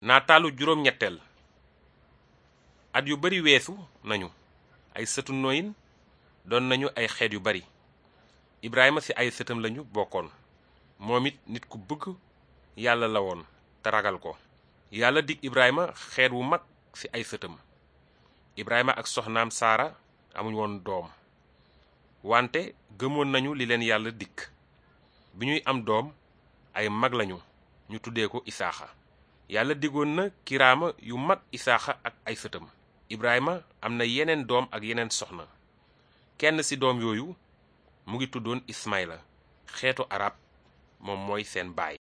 nataalu juróom ñetteel at yu bari weesu nañu ay sëtu nooyin doon nañu ay xeet yu bari ibrahima ci ay sëtam lañu bokkoon moom it nit ku bëgg yàlla la woon te ragal ko yàlla dig ibrahima xeet wu mag ci ay sëtam ibrahima ak soxnaam saara amuñ woon doom wante gëmoon nañu li leen yàlla dikk bi ñuy am doom ay mag lañu ñu tuddee ko isaaxa yàlla digoon na kiraama yu mag isaaxa ak ay sëtam ibrahima am na yeneen doom ak yeneen soxna kenn ci doom yooyu mu ngi tuddoon ismaila xeetu arab moom mooy seen baay